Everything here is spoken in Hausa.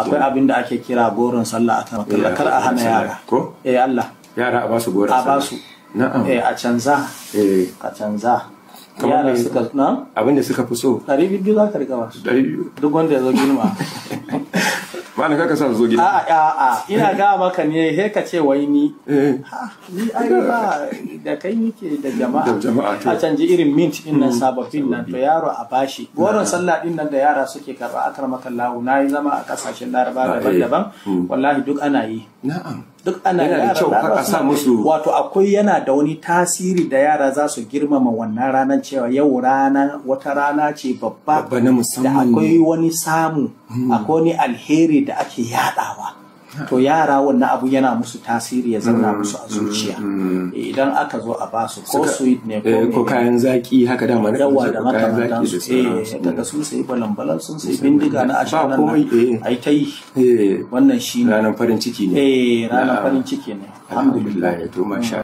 akwai abin da ake kira goron sallah a kan kar a hana yara ko eh Allah yara a basu goron sallah a basu na'am eh a canza eh a canza yara suka na abin da suka fi so 200 za ka riga wasu 200 duk wanda ya zo girma Malam kaka sa zo gida. A a a ina eh. ga maka ne he ka ce wai ni. Eh. Ni ai ba da kai nike da jama'a. Da jama'a A canji irin mint din nan mm. sababbin nan to yaro a bashi. Goron sallah din nan da yara suke karba akar maka lahu nayi zama a kasashen Laraba eh. daban-daban. Mm. Wallahi duk ana yi. Na'am. Duk ana yara da sa musu. Wato akwai yana da wani tasiri da yara za su girmama wannan ranar cewa yau rana wata rana ce babba. Babba na musamman. Da akwai wani samu. Mm. Akwai wani alheri da ake yadawa to yara wannan abu yana musu tasiri ya zauna musu a mm, zuciya mm, mm. idan aka zo a ba su ko sweet eh, ne ko kayan zaki haka da mara yawa da makamantan su eh, daga sun sai balan sun sai bindiga na ashirin nan eh. ai ta yi wannan shi ne ranar farin ciki ne eh ranar farin ciki ne alhamdulillah to masha